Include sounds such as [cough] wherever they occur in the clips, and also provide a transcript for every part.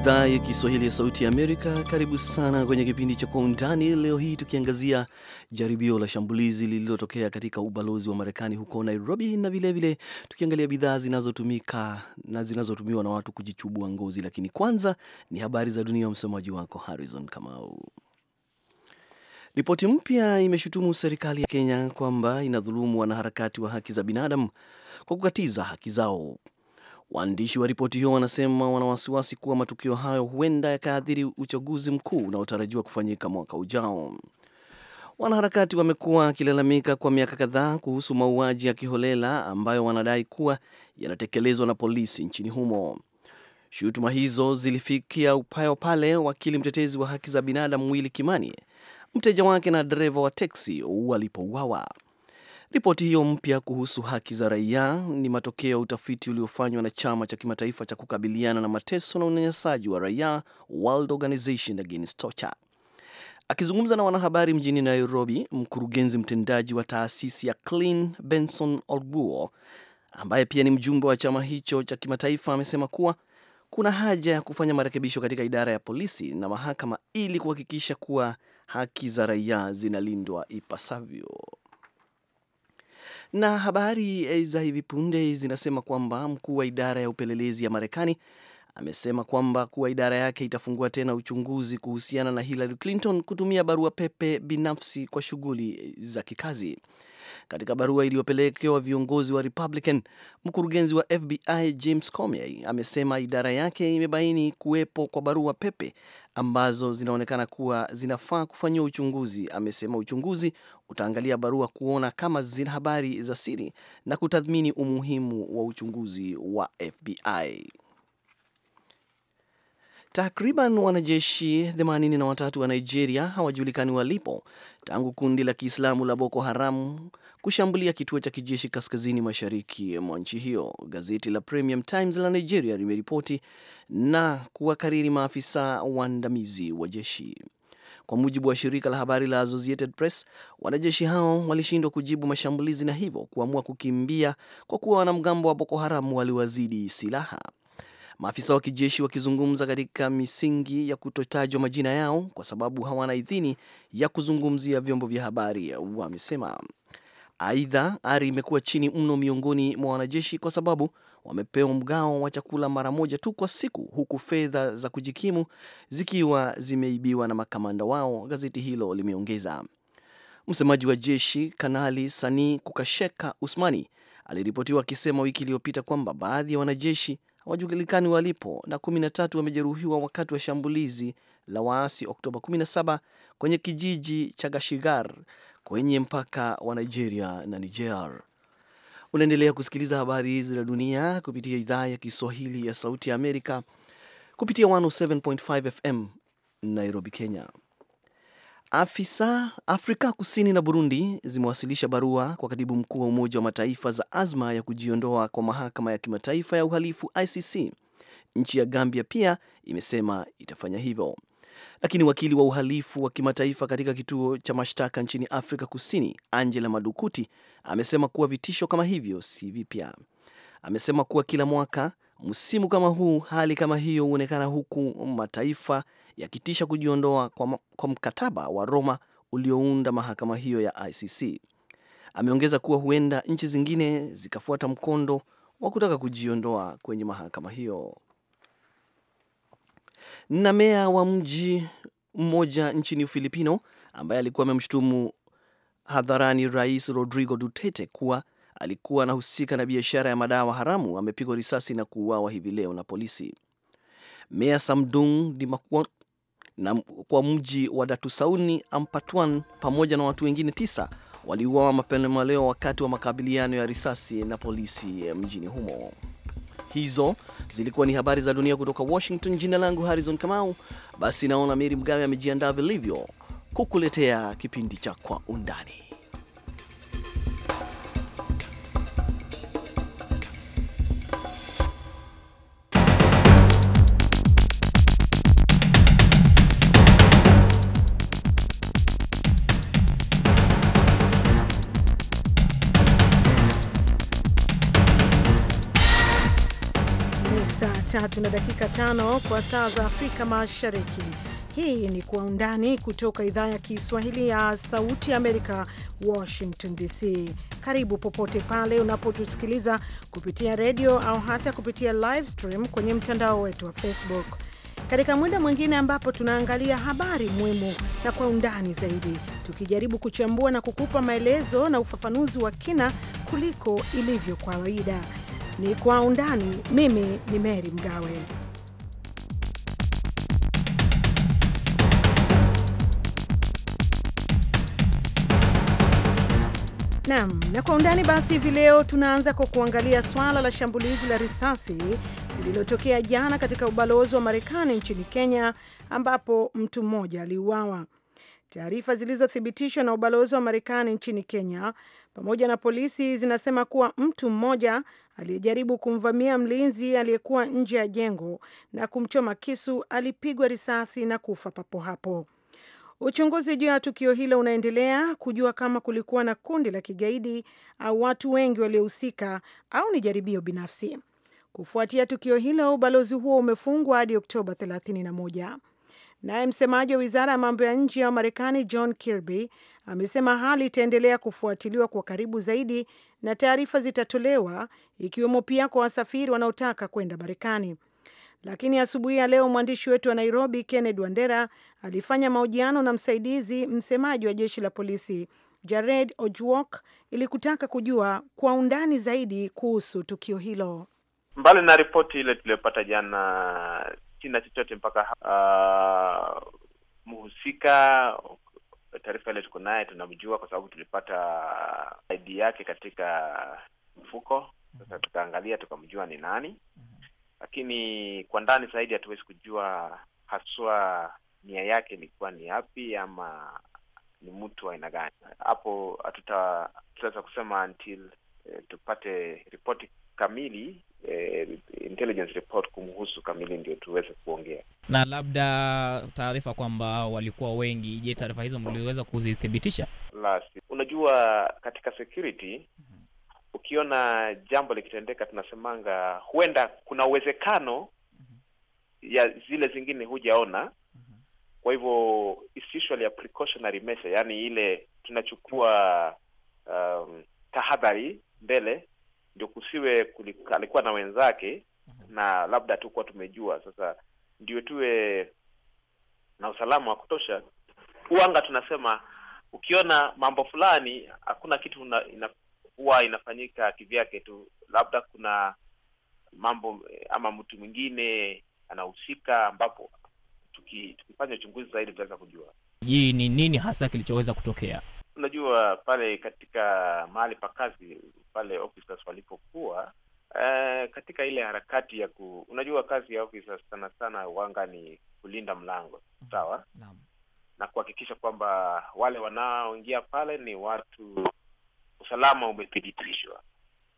idhaa ya Kiswahili ya Sauti ya Amerika. Karibu sana kwenye kipindi cha Kwa Undani. Leo hii tukiangazia jaribio la shambulizi lililotokea katika ubalozi wa Marekani huko Nairobi, na vilevile tukiangalia bidhaa zinazotumika na zinazotumiwa na watu kujichubua ngozi. Lakini kwanza ni habari za dunia, msemaji wako Harrison Kamau. Ripoti mpya imeshutumu serikali ya Kenya kwamba inadhulumu wanaharakati wa haki za binadamu kwa kukatiza haki zao Waandishi wa ripoti hiyo wanasema wana wasiwasi kuwa matukio hayo huenda yakaathiri uchaguzi mkuu unaotarajiwa kufanyika mwaka ujao. Wanaharakati wamekuwa wakilalamika kwa miaka kadhaa kuhusu mauaji ya kiholela ambayo wanadai kuwa yanatekelezwa na polisi nchini humo. Shutuma hizo zilifikia upayo pale wakili mtetezi wa haki za binadamu Wili Kimani, mteja wake na dereva wa teksi walipouawa. Ripoti hiyo mpya kuhusu haki za raia ni matokeo ya utafiti uliofanywa na chama cha kimataifa cha kukabiliana na mateso na unyanyasaji wa raia, World Organization Against Torture. Akizungumza na wanahabari mjini Nairobi, mkurugenzi mtendaji wa taasisi ya Clean Benson Olguo, ambaye pia ni mjumbe wa chama hicho cha kimataifa, amesema kuwa kuna haja ya kufanya marekebisho katika idara ya polisi na mahakama ili kuhakikisha kuwa haki za raia zinalindwa ipasavyo. Na habari e, za hivi punde zinasema kwamba mkuu wa idara ya upelelezi ya Marekani amesema kwamba kuwa idara yake itafungua tena uchunguzi kuhusiana na Hillary Clinton kutumia barua pepe binafsi kwa shughuli za kikazi. Katika barua iliyopelekewa viongozi wa Republican, mkurugenzi wa FBI James Comey amesema idara yake imebaini kuwepo kwa barua pepe ambazo zinaonekana kuwa zinafaa kufanyiwa uchunguzi. Amesema uchunguzi utaangalia barua kuona kama zina habari za siri na kutathmini umuhimu wa uchunguzi wa FBI. Takriban wanajeshi 83 wa Nigeria hawajulikani walipo tangu kundi la Kiislamu la Boko Haram kushambulia kituo cha kijeshi kaskazini mashariki mwa nchi hiyo, gazeti la Premium Times la Nigeria limeripoti na kuwakariri maafisa waandamizi wa jeshi. Kwa mujibu wa shirika la habari la Associated Press, wanajeshi hao walishindwa kujibu mashambulizi na hivyo kuamua kukimbia kwa kuwa wanamgambo wa Boko Haram waliwazidi silaha. Maafisa wa kijeshi wakizungumza katika misingi ya kutotajwa majina yao kwa sababu hawana idhini ya kuzungumzia vyombo vya habari, wamesema. Aidha, ari imekuwa chini mno miongoni mwa wanajeshi kwa sababu wamepewa mgao wa chakula mara moja tu kwa siku, huku fedha za kujikimu zikiwa zimeibiwa na makamanda wao, gazeti hilo limeongeza. Msemaji wa jeshi Kanali Sani Kukasheka Usmani aliripotiwa akisema wiki iliyopita kwamba baadhi ya wanajeshi hawajulikani walipo na 13 wamejeruhiwa wakati wa shambulizi la waasi Oktoba 17 kwenye kijiji cha Gashigar kwenye mpaka wa Nigeria na Niger. Unaendelea kusikiliza habari hizi za dunia kupitia idhaa ya Kiswahili ya Sauti ya Amerika kupitia 107.5 FM Nairobi, Kenya. Afisa Afrika Kusini na Burundi zimewasilisha barua kwa katibu mkuu wa Umoja wa Mataifa za azma ya kujiondoa kwa mahakama ya kimataifa ya uhalifu ICC. Nchi ya Gambia pia imesema itafanya hivyo, lakini wakili wa uhalifu wa kimataifa katika kituo cha mashtaka nchini Afrika Kusini, Angela Madukuti, amesema kuwa vitisho kama hivyo si vipya. Amesema kuwa kila mwaka msimu kama huu hali kama hiyo huonekana huku mataifa yakitisha kujiondoa kwa, kwa mkataba wa Roma uliounda mahakama hiyo ya ICC. Ameongeza kuwa huenda nchi zingine zikafuata mkondo wa kutaka kujiondoa kwenye mahakama hiyo. Na meya wa mji mmoja nchini Ufilipino ambaye alikuwa amemshutumu hadharani Rais Rodrigo Duterte kuwa alikuwa anahusika na biashara ya madawa haramu amepigwa risasi na kuuawa hivi leo na polisi. Meya Samdung Dimakwa na kwa mji wa Datusauni Ampatuan pamoja na watu wengine tisa waliuawa mapema leo wakati wa makabiliano ya risasi na polisi mjini humo. Hizo zilikuwa ni habari za dunia kutoka Washington. Jina langu Harrison Kamau. Basi naona Meri Mgawe amejiandaa vilivyo kukuletea kipindi cha Kwa Undani. tatu na dakika tano kwa saa za Afrika Mashariki. Hii ni Kwa Undani kutoka idhaa ya Kiswahili ya Sauti Amerika, Washington DC. Karibu popote pale unapotusikiliza kupitia redio au hata kupitia live stream kwenye mtandao wetu wa Facebook, katika muda mwingine ambapo tunaangalia habari muhimu na kwa undani zaidi, tukijaribu kuchambua na kukupa maelezo na ufafanuzi wa kina kuliko ilivyo kawaida ni Kwa Undani. Mimi ni Mary Mgawe. Naam, na kwa undani basi hivi leo tunaanza kwa kuangalia swala la shambulizi la risasi lililotokea jana katika ubalozi wa Marekani nchini Kenya ambapo mtu mmoja aliuawa. Taarifa zilizothibitishwa na ubalozi wa Marekani nchini Kenya pamoja na polisi zinasema kuwa mtu mmoja aliyejaribu kumvamia mlinzi aliyekuwa nje ya jengo na kumchoma kisu alipigwa risasi na kufa papo hapo. Uchunguzi juu ya tukio hilo unaendelea kujua kama kulikuwa na kundi la kigaidi au watu wengi waliohusika au ni jaribio binafsi. Kufuatia tukio hilo, ubalozi huo umefungwa hadi Oktoba 31. Naye msemaji wa wizara ya mambo ya nje ya Marekani John Kirby amesema hali itaendelea kufuatiliwa kwa karibu zaidi na taarifa zitatolewa, ikiwemo pia kwa wasafiri wanaotaka kwenda Marekani. Lakini asubuhi ya leo mwandishi wetu wa Nairobi Kenneth Wandera alifanya mahojiano na msaidizi msemaji wa jeshi la polisi Jared Ojwok ili kutaka kujua kwa undani zaidi kuhusu tukio hilo. Mbali na ripoti ile tuliyopata jana sina chochote mpaka uh, ah, mhusika taarifa ile tuko naye tunamjua kwa sababu tulipata ID yake katika mfuko. Sasa mhm. tukaangalia tukamjua ni nani, mhm. lakini kwa ndani zaidi hatuwezi kujua haswa nia yake ilikuwa ni yapi ama ni mtu aina gani. Hapo hatutaweza kusema until eh, tupate ripoti kamili eh, intelligence report kumhusu kamili ndio tuweze kuongea. Na labda taarifa kwamba walikuwa wengi, je, taarifa hizo mliweza kuzithibitisha? lasi unajua katika security ukiona jambo likitendeka, tunasemanga huenda kuna uwezekano ya zile zingine hujaona. Kwa hivyo a precautionary measure, yani ile tunachukua um, tahadhari mbele Njokusiwe kulika, alikuwa na wenzake mhm. na labda tukuwa tumejua. Sasa ndio tuwe na usalama wa kutosha. Uanga tunasema ukiona mambo fulani, hakuna kitu una, ina, huwa inafanyika kivyake tu, labda kuna mambo ama mtu mwingine anahusika, ambapo tuki, tukifanya uchunguzi zaidi tunaweza kujua hii ni nini hasa kilichoweza kutokea. Unajua pale katika mahali pa kazi pale officers walipokuwa uh, katika ile harakati ya ku, unajua kazi ya officers sana sana wanga ni kulinda mlango mm -hmm. Sawa na kuhakikisha kwamba wale wanaoingia pale ni watu usalama umethibitishwa.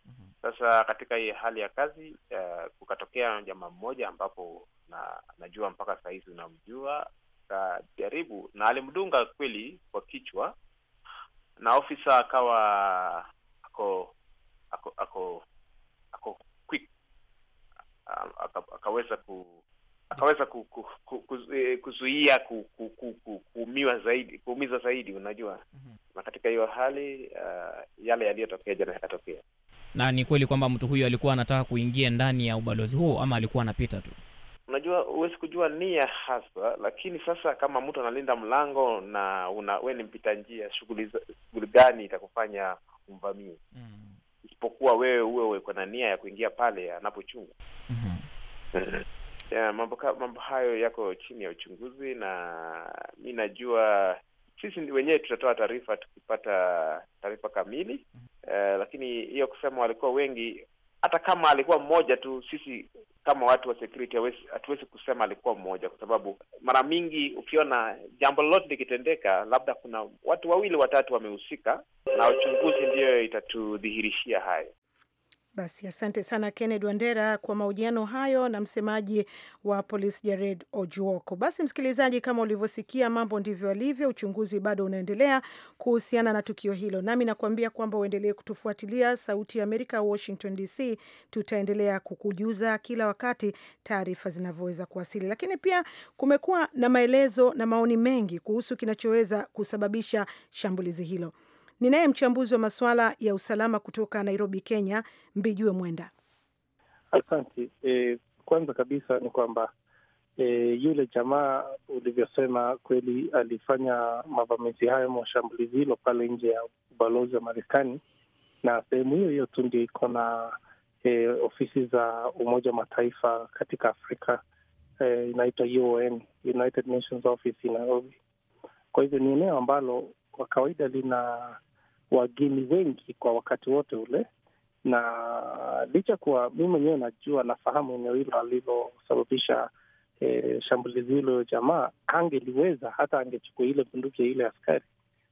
mm -hmm. Sasa katika hii hali ya kazi uh, kukatokea jamaa mmoja ambapo na najua mpaka sahizi hizi unamjua jaribu na alimdunga kweli kwa kichwa, na ofisa akawa ako ako ako ako quick um, akaweza ku akaweza ku, ku, ku, ku, eh, kuzuia ku, ku, ku, ku, kuumiwa zaidi kuumiza zaidi, unajua mm -hmm. Na katika hiyo hali uh, yale yaliyotokea jana yakatokea. Na ni kweli kwamba mtu huyu alikuwa anataka kuingia ndani ya ubalozi huo ama alikuwa anapita tu? Unajua, huwezi kujua nia hasa, lakini sasa kama mtu analinda mlango na una, we ni mpita njia, shughuli gani itakufanya umvamie? mm isipokuwa wewe uwe uko na nia ya kuingia pale anapochunga. mm -hmm. [laughs] mambo mambo hayo yako chini ya uchunguzi, na mi najua sisi wenyewe tutatoa taarifa tukipata taarifa kamili. mm -hmm. Uh, lakini hiyo kusema walikuwa wengi hata kama alikuwa mmoja tu, sisi kama watu wa security hatuwezi kusema alikuwa mmoja, kwa sababu mara mingi ukiona jambo lolote likitendeka, labda kuna watu wawili watatu wamehusika, na uchunguzi ndiyo itatudhihirishia hayo. Basi asante sana kenned Wandera kwa mahojiano hayo na msemaji wa polisi Jared Ojuoko. Basi msikilizaji, kama ulivyosikia, mambo ndivyo alivyo. Uchunguzi bado unaendelea kuhusiana na tukio hilo, nami nakuambia kwamba uendelee kutufuatilia Sauti ya Amerika, Washington DC. Tutaendelea kukujuza kila wakati taarifa zinavyoweza kuwasili, lakini pia kumekuwa na maelezo na maoni mengi kuhusu kinachoweza kusababisha shambulizi hilo. Ninaye mchambuzi wa masuala ya usalama kutoka Nairobi, Kenya, Mbijue Mwenda. Asante. E, kwanza kabisa ni kwamba e, yule jamaa ulivyosema kweli alifanya mavamizi hayo mashambulizi hilo pale nje ya ubalozi wa Marekani, na sehemu hiyo hiyo tu ndio iko na e, ofisi za Umoja wa Mataifa katika Afrika e, inaitwa UN, United Nations Office in Nairobi. Kwa hivyo ni eneo ambalo kwa kawaida lina wageni wengi kwa wakati wote ule, na licha kuwa mi mwenyewe najua nafahamu eneo hilo alilosababisha e, shambulizi hilo, jamaa angeliweza hata angechukua ile bunduki ya ile askari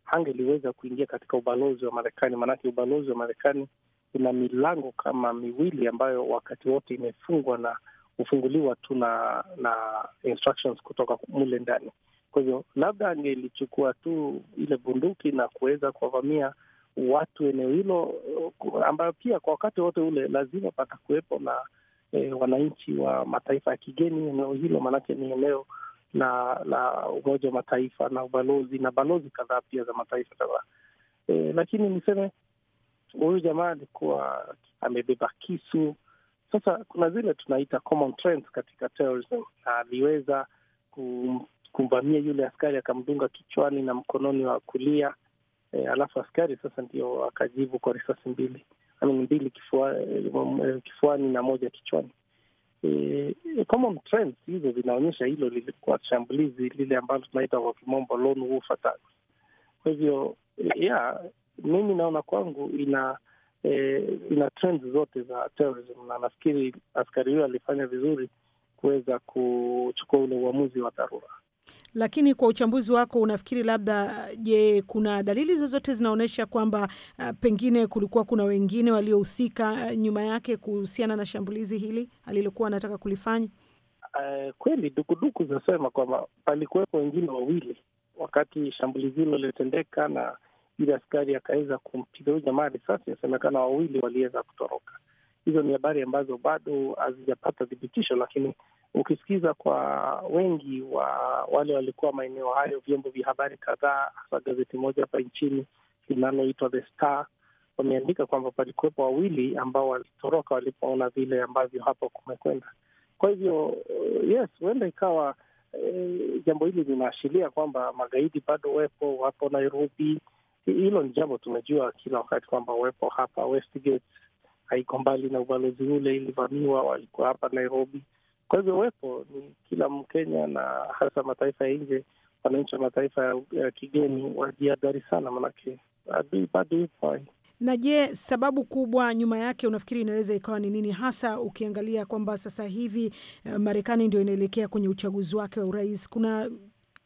hangeliweza kuingia katika ubalozi wa Marekani, maanake ubalozi wa Marekani una milango kama miwili ambayo wakati wote imefungwa na hufunguliwa tu na na instructions kutoka mule ndani. Kwa hivyo labda angelichukua tu ile bunduki na kuweza kuwavamia watu eneo hilo, ambayo pia kwa wakati wote ule lazima patakuwepo na e, wananchi wa mataifa ya kigeni eneo hilo, maanake ni eneo na la Umoja wa Mataifa na ubalozi na balozi kadhaa pia za mataifa kadhaa e, lakini niseme huyu jamaa alikuwa amebeba kisu. Sasa kuna zile tunaita common trends katika terrorism, na aliweza kumvamia yule askari akamdunga kichwani na mkononi wa kulia e, alafu askari sasa ndio akajibu kwa risasi mbili amini mbili kifua, eh, kifuani na moja kichwani. E, common trends hizo zinaonyesha hilo lilikuwa shambulizi lile ambalo tunaita kwa kimombo lone wolf attack. Kwa hivyo ya mimi naona kwangu ina e, ina trends zote za terrorism, na nafikiri askari huyo alifanya vizuri kuweza kuchukua ule uamuzi wa dharura. Lakini kwa uchambuzi wako unafikiri labda, je, kuna dalili zozote zinaonyesha kwamba uh, pengine kulikuwa kuna wengine waliohusika uh, nyuma yake kuhusiana na shambulizi hili alilokuwa anataka kulifanya? Uh, kweli dukuduku zinasema kwamba palikuwepo wengine wawili wakati shambulizi hilo lilitendeka, na ili askari akaweza kumpiga huyu jamaa risasi. Inasemekana wawili waliweza kutoroka Hizo ni habari ambazo bado hazijapata thibitisho, lakini ukisikiza kwa wengi wa wale walikuwa maeneo hayo, vyombo vya habari kadhaa, hasa gazeti moja hapa nchini linaloitwa The Star wameandika kwamba palikuwepo wawili ambao walitoroka walipoona vile ambavyo hapo kumekwenda. Kwa hivyo eh, yes, huenda ikawa e, jambo hili linaashiria kwamba magaidi bado wepo, wapo Nairobi. Hilo ni jambo tumejua kila wakati kwamba wepo hapa Westgate, haiko mbali na ubalozi ule, ilivamiwa, walikuwa hapa Nairobi. Kwa hivyo wepo ni kila Mkenya na hasa mataifa ya nje, wananchi wa mataifa ya kigeni wajiadhari sana, manake adui bado yupo hai. Na je, sababu kubwa nyuma yake unafikiri inaweza ikawa ni nini hasa, ukiangalia kwamba sasa hivi eh, Marekani ndio inaelekea kwenye uchaguzi wake wa urais? Kuna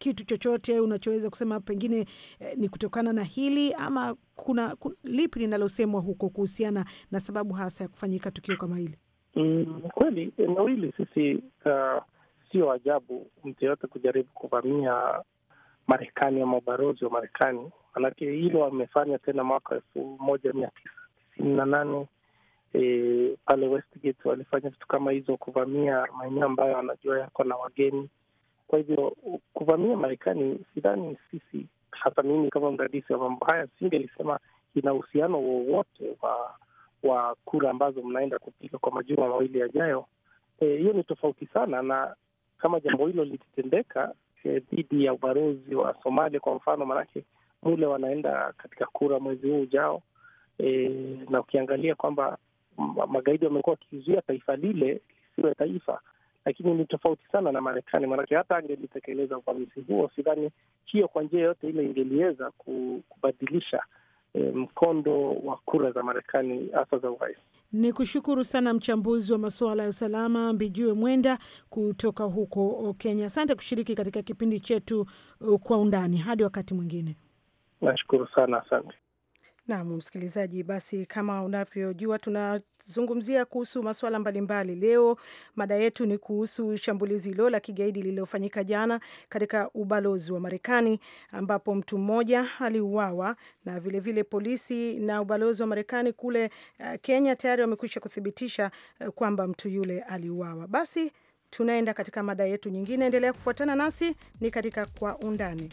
kitu chochote unachoweza kusema pengine eh, ni kutokana na hili ama kuna, kuna lipi linalosemwa huko kuhusiana na sababu hasa ya kufanyika tukio kama hili? Mm, kweli eneo hili sisi uh, sio ajabu mtu yeyote kujaribu kuvamia Marekani ama ubarozi wa Marekani, manake hilo wamefanya tena mwaka elfu moja mia tisa tisini na nane eh, pale Westgate walifanya vitu kama hizo, kuvamia maeneo ambayo wanajua yako na wageni kwa hivyo kuvamia Marekani, sidhani sisi, hasa mimi kama mdadisi wa mambo haya, singelisema ina uhusiano wowote wa, wa kura ambazo mnaenda kupiga kwa majuma mawili yajayo. E, hiyo e, ni tofauti sana na kama jambo hilo likitendeka e, dhidi e, ya ubalozi wa Somalia kwa mfano, maanake mule wanaenda katika kura mwezi huu ujao. E, na ukiangalia kwamba magaidi wamekuwa wakizuia taifa lile lisiwe taifa lakini ni tofauti sana na Marekani, maanake hata angelitekeleza uvamizi huo, sidhani hiyo kwa njia yoyote ile ingeliweza kubadilisha eh, mkondo wa kura za Marekani hasa za urais. Ni kushukuru sana mchambuzi wa masuala ya usalama Mbijue Mwenda kutoka huko Kenya. Asante kushiriki katika kipindi chetu kwa undani. Hadi wakati mwingine, nashukuru sana, asante. Naam, msikilizaji, basi kama unavyojua tunazungumzia kuhusu masuala mbalimbali leo. Mada yetu ni kuhusu shambulizi hilo la kigaidi lililofanyika jana katika ubalozi wa Marekani, ambapo mtu mmoja aliuawa na vilevile vile polisi na ubalozi wa Marekani kule eh, Kenya tayari wamekwisha kuthibitisha eh, kwamba mtu yule aliuawa. Basi tunaenda katika mada yetu nyingine. Endelea kufuatana nasi, ni katika Kwa Undani.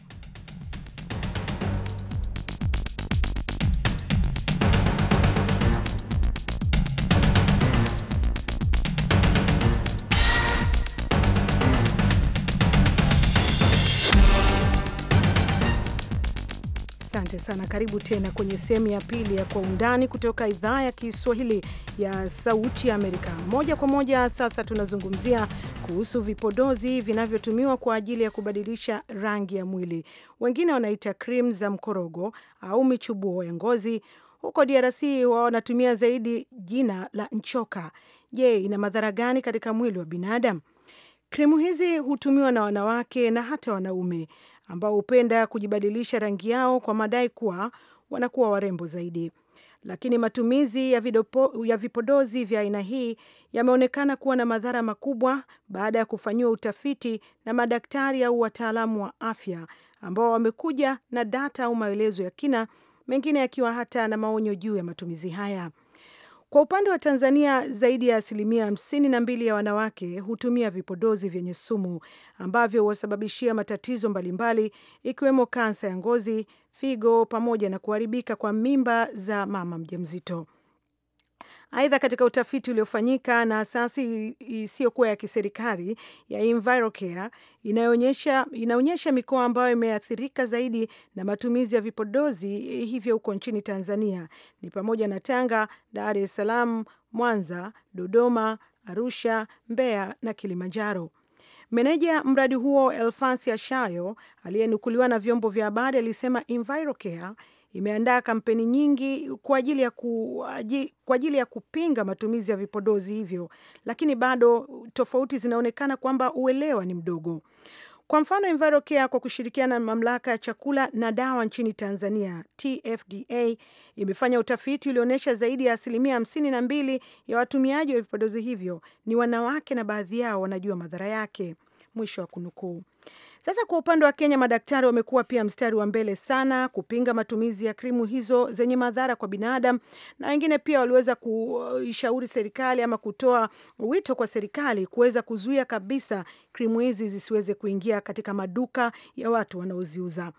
Asante sana. Karibu tena kwenye sehemu ya pili ya Kwa Undani kutoka idhaa ya Kiswahili ya Sauti ya Amerika. Moja kwa moja sasa tunazungumzia kuhusu vipodozi vinavyotumiwa kwa ajili ya kubadilisha rangi ya mwili, wengine wanaita krim za mkorogo au michubuo ya ngozi. Huko DRC wao wanatumia zaidi jina la nchoka. Je, ina madhara gani katika mwili wa binadamu? Krimu hizi hutumiwa na wanawake na hata wanaume ambao hupenda kujibadilisha rangi yao kwa madai kuwa wanakuwa warembo zaidi. Lakini matumizi ya, vidopo, ya vipodozi vya aina hii yameonekana kuwa na madhara makubwa baada ya kufanyiwa utafiti na madaktari au wataalamu wa afya ambao wamekuja na data au maelezo ya kina, mengine yakiwa hata na maonyo juu ya matumizi haya. Kwa upande wa Tanzania, zaidi ya asilimia hamsini na mbili ya wanawake hutumia vipodozi vyenye sumu ambavyo huwasababishia matatizo mbalimbali ikiwemo kansa ya ngozi, figo pamoja na kuharibika kwa mimba za mama mjamzito. Aidha, katika utafiti uliofanyika na asasi isiyokuwa ya kiserikali ya EnviroCare inaonyesha inaonyesha mikoa ambayo imeathirika zaidi na matumizi ya vipodozi eh, hivyo huko nchini Tanzania ni pamoja na Tanga, Dar es Salaam, Mwanza, Dodoma, Arusha, Mbeya na Kilimanjaro. Meneja mradi huo Elfansi Shayo aliyenukuliwa na vyombo vya habari alisema EnviroCare imeandaa kampeni nyingi kwa ajili ya, ku, kwa ajili ya kupinga matumizi ya vipodozi hivyo, lakini bado tofauti zinaonekana kwamba uelewa ni mdogo. Kwa mfano, Envirocare kwa kushirikiana na mamlaka ya chakula na dawa nchini Tanzania, TFDA, imefanya utafiti ulioonyesha zaidi ya asilimia hamsini na mbili ya watumiaji wa vipodozi hivyo ni wanawake na baadhi yao wanajua madhara yake. Mwisho wa kunukuu. Sasa kwa upande wa Kenya, madaktari wamekuwa pia mstari wa mbele sana kupinga matumizi ya krimu hizo zenye madhara kwa binadamu, na wengine pia waliweza kuishauri serikali ama kutoa wito kwa serikali kuweza kuzuia kabisa krimu hizi zisiweze kuingia katika maduka ya watu wanaoziuza.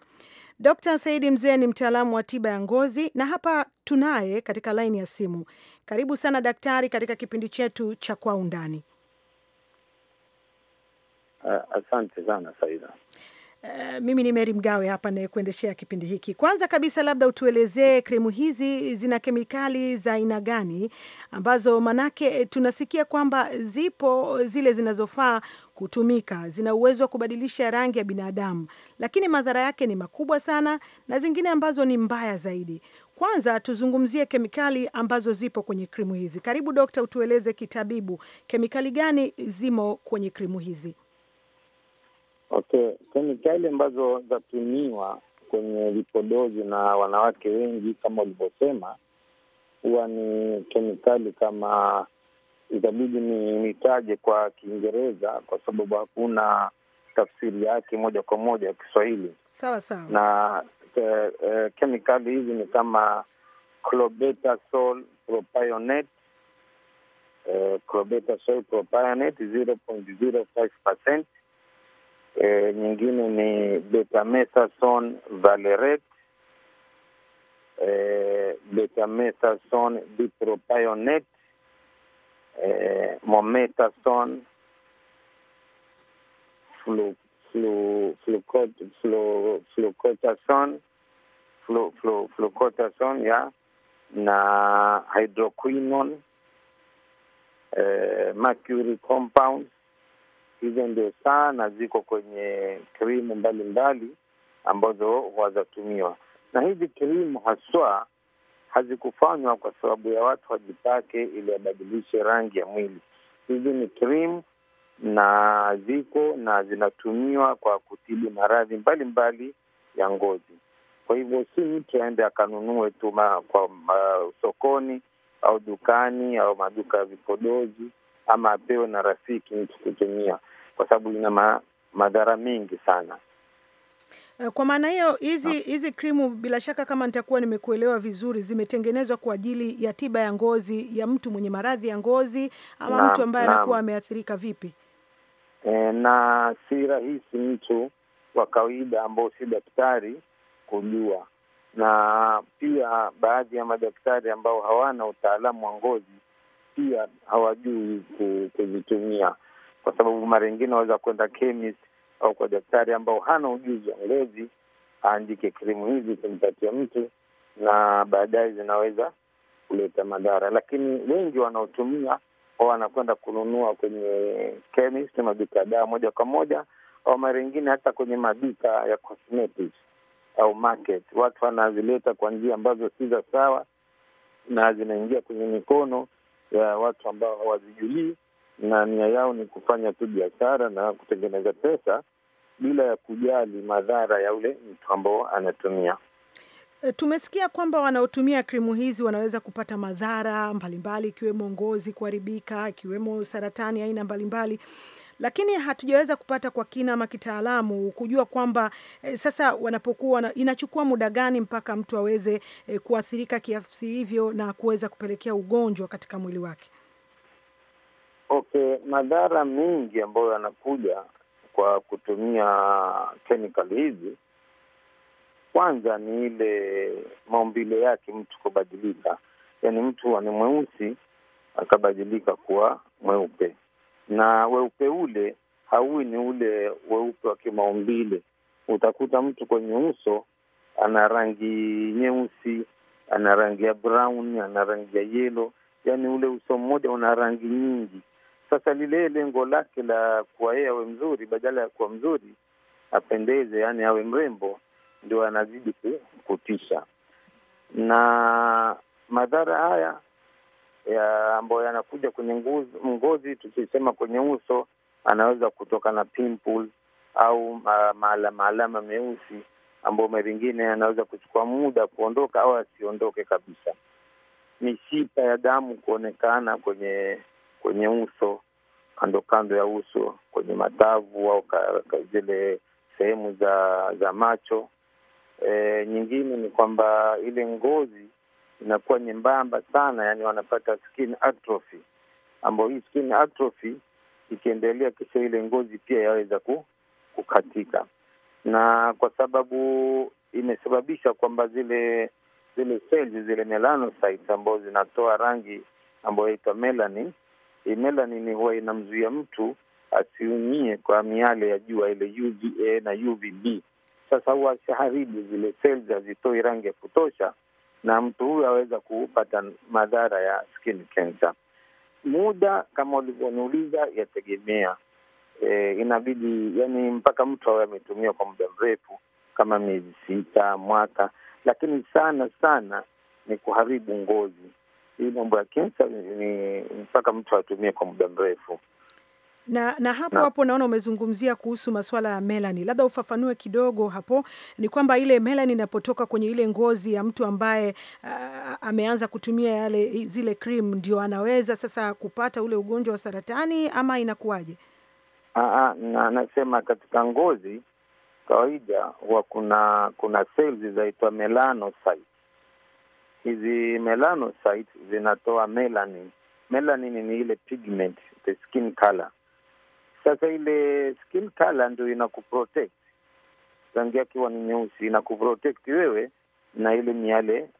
d Saidi Mzee ni mtaalamu wa tiba ya ngozi na hapa tunaye katika laini ya simu. Karibu sana daktari katika kipindi chetu cha Kwa Undani. Uh, asante sana Saida. Uh, mimi ni Mary Mgawe hapa nayekuendeshea kipindi hiki. Kwanza kabisa, labda utuelezee krimu hizi zina kemikali za aina gani ambazo, manake eh, tunasikia kwamba zipo zile zinazofaa kutumika, zina uwezo wa kubadilisha rangi ya binadamu, lakini madhara yake ni makubwa sana, na zingine ambazo ni mbaya zaidi. Kwanza tuzungumzie kemikali ambazo zipo kwenye krimu hizi. Karibu dokta, utueleze kitabibu, kemikali gani zimo kwenye krimu hizi? Okay, kemikali ambazo zatumiwa kwenye vipodozi na wanawake wengi kama ulivyosema, huwa ni kemikali kama, itabidi ni nitaje kwa Kiingereza kwa sababu hakuna tafsiri yake moja kwa moja ya Kiswahili. Sawa sawa. Na ke, eh, e, eh, kemikali hizi ni kama clobetasol propionate, e, clobetasol propionate 0.05% e, nyingine ni betamethasone valerate e, eh, betamethasone dipropionate e, eh, mometasone flu, flu, flu, flucotasone flu, flu, flucotasone ya na hydroquinone e, mercury compounds hizo ndio sana ziko kwenye krimu mbalimbali ambazo wazatumiwa, na hizi krimu haswa hazikufanywa kwa sababu ya watu wajipake ili wabadilishe rangi ya mwili. Hizi ni krimu na ziko na zinatumiwa kwa kutibu maradhi mbalimbali ya ngozi. Kwa hivyo si mtu aende akanunue tu kwa sokoni au dukani au maduka ya vipodozi ama apewe na rafiki mtu kutumia kwa sababu ina ma, madhara mengi sana. Eh, kwa maana hiyo hizi ah. hizi krimu bila shaka, kama nitakuwa nimekuelewa vizuri, zimetengenezwa kwa ajili ya tiba ya ngozi ya mtu mwenye maradhi ya ngozi ama na, mtu ambaye anakuwa ameathirika vipi? E, na si rahisi mtu wa kawaida ambao si daktari kujua, na pia baadhi ya madaktari ambao hawana utaalamu wa ngozi pia hawajui kuzitumia kwa sababu mara nyingine waweza kwenda chemist au kwa daktari ambao hana ujuzi wa ngozi aandike krimu hizi kumpatia mtu, na baadaye zinaweza kuleta madhara. Lakini wengi wanaotumia au wanakwenda kununua kwenye chemist, maduka ya dawa moja kwa moja, au mara ingine hata kwenye maduka ya cosmetics au market. Watu wanazileta kwa njia ambazo si za sawa na zinaingia kwenye mikono ya watu ambao hawazijulii na nia yao ni kufanya tu biashara na kutengeneza pesa bila ya kujali madhara ya ule mtu ambao anatumia. E, tumesikia kwamba wanaotumia krimu hizi wanaweza kupata madhara mbalimbali, ikiwemo ngozi kuharibika, ikiwemo saratani aina mbalimbali lakini hatujaweza kupata kwa kina ama kitaalamu kujua kwamba e, sasa wanapokuwa inachukua muda gani mpaka mtu aweze e, kuathirika kiasi hivyo na kuweza kupelekea ugonjwa katika mwili wake. Okay, madhara mengi ambayo yanakuja kwa kutumia kemikali hizi, kwanza ni ile maumbile yake mtu kubadilika, yaani mtu ni mweusi akabadilika kuwa mweupe, na weupe ule hauwi ni ule weupe wa kimaumbile. Utakuta mtu kwenye uso ana rangi nyeusi, ana rangi ya brown, ana rangi ya yelo, yaani ule uso mmoja una rangi nyingi sasa lile lengo lake la kuwa yeye awe mzuri, badala ya kuwa mzuri apendeze, yani awe mrembo, ndio anazidi kutisha. Na madhara haya ya ambayo yanakuja kwenye ngozi, tukisema kwenye uso, anaweza kutoka na au maalama alama meusi ambayo mengine anaweza kuchukua muda kuondoka au asiondoke kabisa. Mishipa ya damu kuonekana kwenye kwenye uso, kando kando ya uso, kwenye matavu au zile sehemu za za macho. E, nyingine ni kwamba ile ngozi inakuwa nyembamba sana, yani wanapata skin atrophy, ambayo hii skin atrophy ikiendelea, kisha ile ngozi pia yaweza kukatika, na kwa sababu imesababisha kwamba zile zile cells zile melanocytes ambazo zinatoa rangi ambayo inaitwa melanin hii eh, melanin huwa inamzuia mtu asiumie kwa miale ya jua ile UVA eh, na UVB. Sasa huwa shaharibu zile seli hazitoi rangi ya kutosha, na mtu huyu aweza kupata madhara ya skin cancer. Muda kama ulivyoniuliza, yategemea e, inabidi yani mpaka mtu awe ametumia kwa muda mrefu kama miezi sita, mwaka, lakini sana sana ni kuharibu ngozi hii mambo ya kensa ni mpaka mtu atumie kwa muda mrefu na na hapo na hapo naona umezungumzia kuhusu masuala ya melani, labda ufafanue kidogo hapo. Ni kwamba ile melani inapotoka kwenye ile ngozi ya mtu ambaye uh, ameanza kutumia yale zile cream, ndio anaweza sasa kupata ule ugonjwa wa saratani ama inakuwaje? Aa, na nasema katika ngozi kawaida huwa kuna kuna cells zaitwa melanocytes hizi melanocytes zinatoa melanin. Melanin ni ile pigment, the skin color. Sasa ile skin color ndio inakuprotect, rangi yake huwa ni nyeusi, inakuprotect wewe na ile miale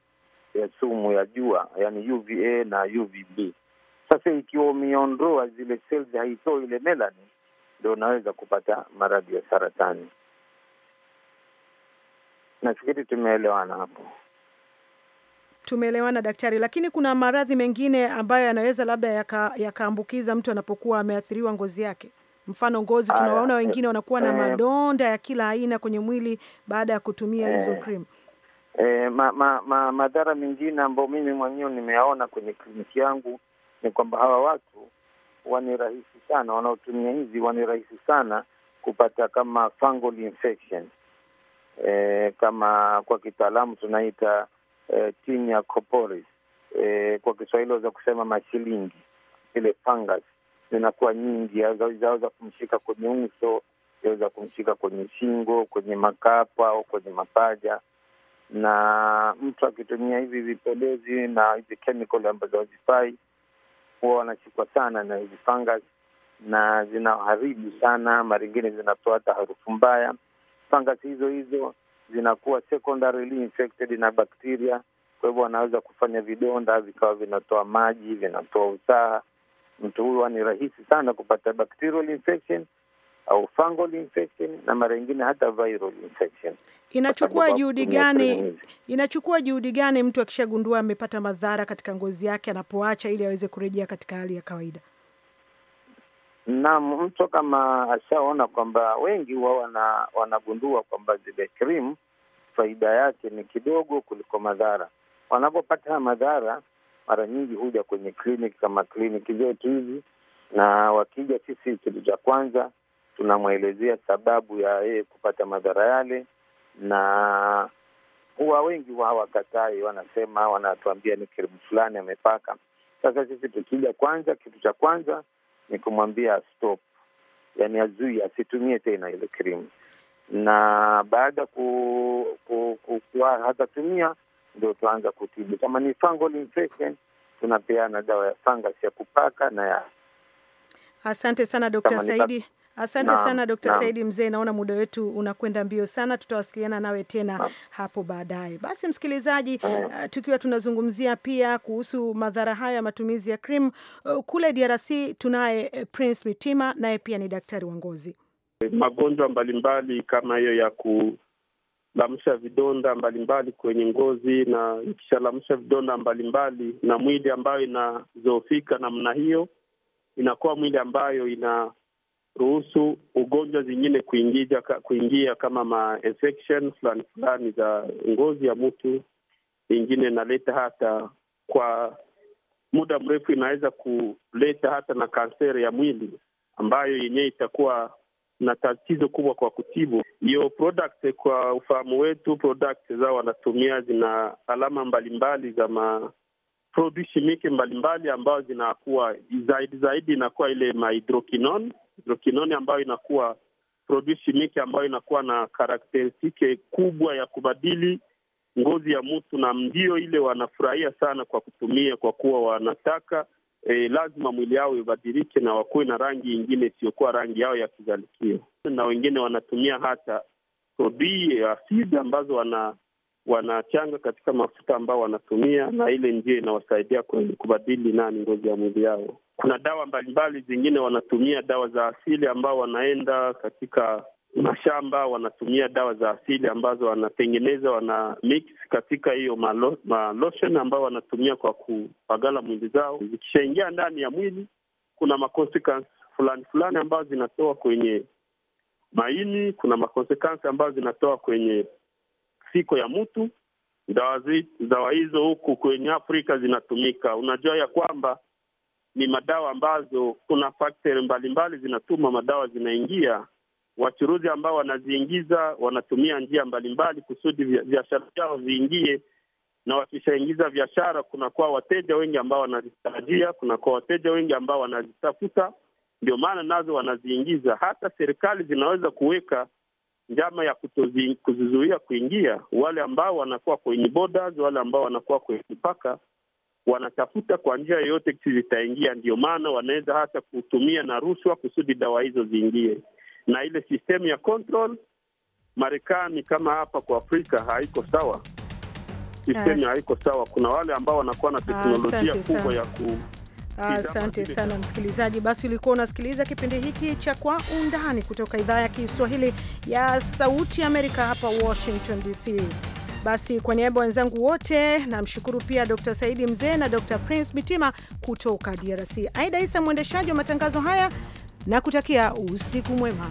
ya sumu ya jua, yani UVA na UVB. Sasa ikiwa umeondoa zile cells, haitoi ile melanin, ndio unaweza kupata maradhi ya saratani. Nafikiri tumeelewana hapo tumeelewana daktari, lakini kuna maradhi mengine ambayo yanaweza labda yakaambukiza yaka mtu anapokuwa ameathiriwa ngozi yake, mfano ngozi, tunawaona ah, wengine wanakuwa na eh, eh, madonda ya kila aina kwenye mwili baada ya kutumia eh, hizo cream. E, ma, ma, ma, madhara mengine ambayo mimi mwenyewe nimeyaona kwenye kliniki yangu ni kwamba hawa watu wani rahisi sana, wanaotumia hizi wani rahisi sana kupata kama fungal infection e, kama kwa kitaalamu tunaita e, ya corporis eh, kwa Kiswahili waweza kusema mashilingi, zile fungus zinakuwa nyingi, zaweza kumshika kwenye uso, yaweza kumshika kwenye shingo, kwenye makapa au kwenye mapaja. Na mtu akitumia hivi vipodozi na hizi chemical ambazo hazifai, huwa wanashikwa sana na hizi fungus na zinaharibu sana, mara ingine zinatoa hata harufu mbaya. Fungus hizo hizo zinakuwa secondarily infected na bakteria, kwa hivyo wanaweza kufanya vidonda vikawa vinatoa maji, vinatoa usaha. Mtu huyu ni rahisi sana kupata bacterial infection au fungal infection na mara nyingine hata viral infection. Inachukua juhudi gani, inachukua juhudi gani mtu akishagundua amepata madhara katika ngozi yake anapoacha ili aweze kurejea katika hali ya kawaida? na mtu kama ashaona kwamba wengi huwa wana, wanagundua kwamba zile krimu faida yake ni kidogo kuliko madhara. Wanapopata madhara, mara nyingi huja kwenye kliniki kama kliniki zetu hizi, na wakija, sisi kitu cha kwanza tunamwelezea sababu ya yeye kupata madhara yale, na huwa wengi hawakatai, wanasema, wanatuambia ni krimu fulani amepaka. Sasa sisi tukija, kwanza, kitu cha kwanza ni kumwambia stop, yani azui asitumie tena ile krimu, na baada ku, ku, ku, ku hatatumia ndio tuanza kutibu. Kama ni fungal infection, tunapeana dawa ya fungus ya kupaka na ya Asante sana Dr. Saidi. Asante na, sana Dr. Saidi Mzee, naona muda wetu unakwenda mbio sana, tutawasiliana nawe tena na hapo baadaye. Basi msikilizaji, uh, tukiwa tunazungumzia pia kuhusu madhara hayo ya matumizi ya cream uh, kule DRC tunaye uh, Prince Mitima, naye pia ni daktari wa ngozi. Magonjwa mbalimbali kama hiyo ya kulamsha vidonda mbalimbali kwenye ngozi, na ikishalamsha vidonda mbalimbali na mwili ambayo inazoofika namna hiyo, inakuwa mwili ambayo ina ruhusu ugonjwa zingine kuingia, kuingia kama ma infection fulani fulani za ngozi ya mtu. Ingine inaleta hata kwa muda mrefu, inaweza kuleta hata na kanseri ya mwili ambayo yenyewe itakuwa na tatizo kubwa kwa kutibu hiyo product. Kwa ufahamu wetu, product zao wanatumia zina alama mbalimbali za ma produce mbalimbali ambazo zinakuwa zaidi zaidi, inakuwa ile mahydroquinone hidrokinoni ambayo inakuwa produi chimique ambayo inakuwa na karakteristike kubwa ya kubadili ngozi ya mtu, na ndio ile wanafurahia sana kwa kutumia, kwa kuwa wanataka e, lazima mwili yao ibadilike na wakuwe na rangi ingine isiyokuwa rangi yao ya kizalikio. Na wengine wanatumia hata sodi asidi ambazo wana wanachanga katika mafuta ambao wanatumia, na ile njia inawasaidia kubadili nani ngozi ya mwili yao kuna dawa mbalimbali zingine wanatumia dawa za asili ambao wanaenda katika mashamba wanatumia dawa za asili ambazo wanatengeneza, wana mix katika hiyo malo, malotion ambao wanatumia kwa kupagala mwili zao. Zikishaingia ndani ya mwili, kuna makonsekansi fulani fulani ambazo zinatoa kwenye maini, kuna makonsekansi ambazo zinatoa kwenye siko ya mtu. Dawa hizo huku kwenye Afrika zinatumika, unajua ya kwamba ni madawa ambazo kuna faktori mbalimbali zinatuma madawa zinaingia. Wachuruzi ambao wanaziingiza wanatumia njia mbalimbali kusudi biashara vyao viingie, na wakishaingiza biashara, kunakuwa wateja wengi ambao wanazitarajia, kunakuwa wateja wengi ambao wanazitafuta, ndio maana nazo wanaziingiza. Hata serikali zinaweza kuweka njama ya kutozi, kuzizuia kuingia, wale ambao wanakuwa kwenye borders, wale ambao wanakuwa kwenye mipaka wanatafuta kwa njia yoyote kisi zitaingia. Ndio maana wanaweza hata kutumia na rushwa kusudi dawa hizo ziingie, na ile sistemu ya control Marekani kama hapa kwa Afrika haiko sawa, sistemu haiko sawa. Kuna wale ambao wanakuwa na teknolojia kubwa ya ku Asante sana msikilizaji, basi ulikuwa unasikiliza kipindi hiki cha Kwa Undani kutoka idhaa ya Kiswahili ya Sauti ya Amerika hapa Washington DC. Basi kwa niaba wenzangu wote namshukuru pia Dr. Saidi Mzee na Dr. Prince Bitima kutoka DRC, Aida Isa mwendeshaji wa matangazo haya na kutakia usiku mwema.